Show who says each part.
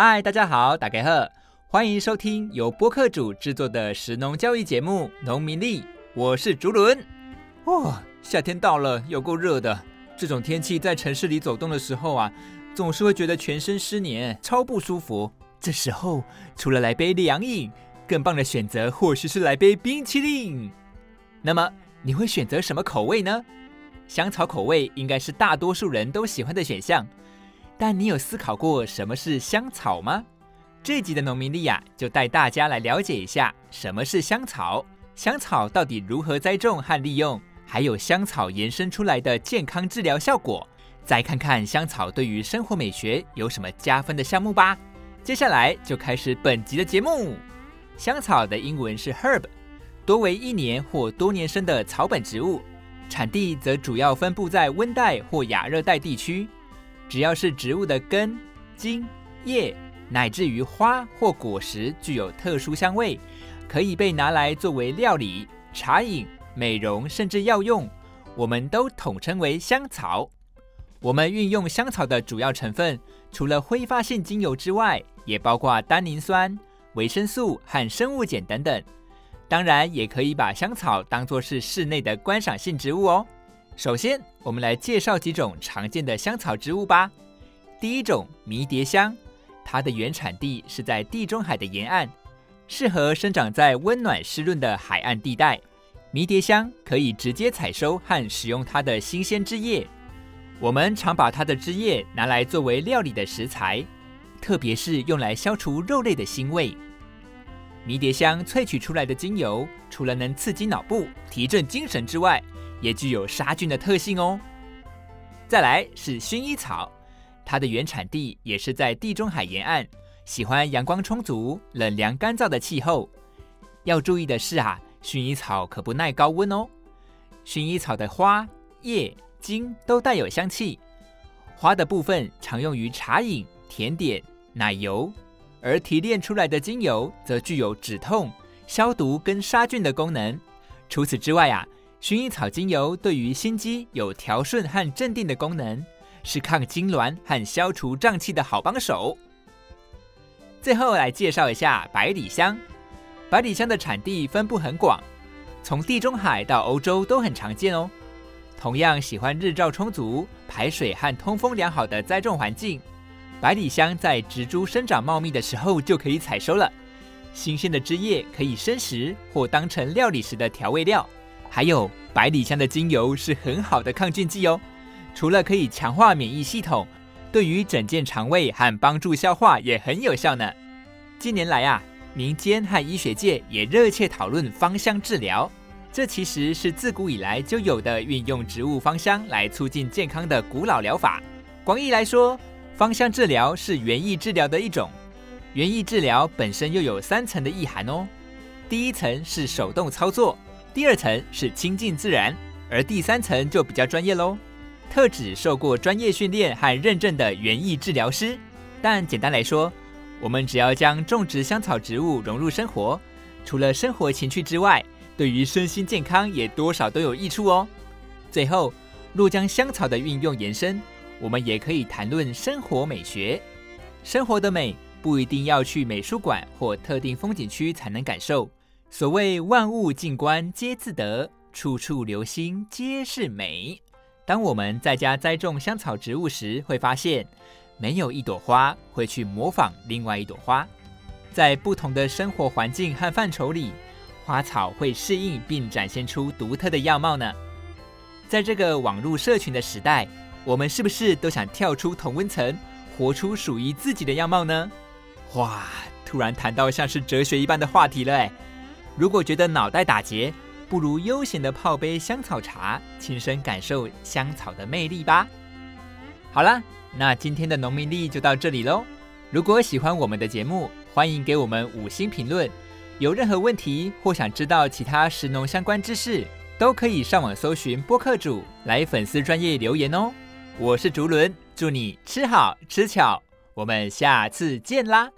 Speaker 1: 嗨，大家好，打給鶴，歡迎收聽由播客主制作的食農教育節目《農民曆》。我是竹輪。哦，夏天到了，有夠熱的。這種天氣在城市裡走動的時候啊，總是會覺得全身濕黏，超不舒服。這時候，除了來杯涼飲，更棒的選擇或許是來杯冰淇淋。那麼，你會選擇什麼口味呢？香草口味應該是大多數人都喜歡的選項。但你有思考過什麼是香草嗎？這集的農民利亞就帶大家來了解一下什麼是香草，香草到底如何栽種和利用，還有香草延伸出來的健康治療效果，再看看香草對於生活美學有什麼加分的項目吧。接下來就開始本集的節目。香草的英文是 herb，多為一年或多年生的草本植物，產地則主要分布在溫帶或亞熱帶地區。只要是植物的根、莖、葉，乃至於花或果實具有特殊香味，可以被拿來作為料理、茶飲、美容甚至藥用，我們都統稱為香草。我們運用香草的主要成分，除了揮發性精油之外，也包括單寧酸、維生素和生物鹼等等。當然，也可以把香草當作是室內的觀賞性植物哦。首先，我們來介紹幾種常見的香草植物吧。第一種，迷迭香，它的原產地是在地中海的沿岸，適合生長在溫暖濕潤的海岸地帶。迷迭香可以直接採收和使用它的新鮮汁液。我們常把它的汁液拿來作為料理的食材，特別是用來消除肉類的腥味。迷迭香萃取出來的精油，除了能刺激腦部、提振精神之外，也具有殺菌的特性哦。再來是薰衣草，它的原產地也是在地中海沿岸，喜歡陽光充足、冷涼乾燥的氣候。要注意的是啊，薰衣草可不耐高溫哦。薰衣草的花、葉、莖都帶有香氣，花的部分常用於茶飲、甜點、奶油，而提煉出來的精油則具有止痛、消毒跟殺菌的功能。除此之外啊，薰衣草精油對於心肌有調順和鎮定的功能，是抗痙攣和消除脹氣的好幫手。最後來介紹一下百里香。百里香的產地分布很廣，從地中海到歐洲都很常見哦。同樣喜歡日照充足、排水和通風良好的栽種環境。百里香在植株生長茂密的時候就可以採收了。新鮮的枝葉可以生食或當成料理時的調味料。還有，百里香的精油是很好的抗菌劑哦，除了可以強化免疫系統，對於整健腸胃和幫助消化也很有效呢。近年來啊，民間和醫學界也熱切討論芳香治療，這其實是自古以來就有的運用植物芳香來促進健康的古老療法。廣義來說，芳香治療是園藝治療的一種，園藝治療本身又有三層的意涵哦。第一層是手動操作。第二層是親近自然，而第三層就比較專業嘍，特指受過專業訓練和認證的園藝治療師。但簡單來說，我們只要將種植香草植物融入生活，除了生活情趣之外，對於身心健康也多少都有益處哦。最後，若將香草的運用延伸，我們也可以談論生活美學。生活的美不一定要去美術館或特定風景區才能感受。所謂萬物靜觀皆自得，處處留心皆是美。當我們在家栽種香草植物時，會發現沒有一朵花會去模仿另外一朵花。在不同的生活環境和範疇裡，花草會適應並展現出獨特的樣貌呢。在這個網絡社群的時代，我們是不是都想跳出同溫層，活出屬於自己的樣貌呢？哇，突然談到像是哲學一般的話題了誒。如果覺得腦袋打結，不如悠閒的泡杯香草茶，親身感受香草的魅力吧。好啦，那今天的農民曆就到這裡嘍。如果喜歡我們的節目，歡迎給我們五星評論。有任何問題或想知道其他食農相關知識，都可以上網搜尋播客煮來粉絲專頁留言哦。我是竹倫，祝你吃好吃巧，我們下次見啦。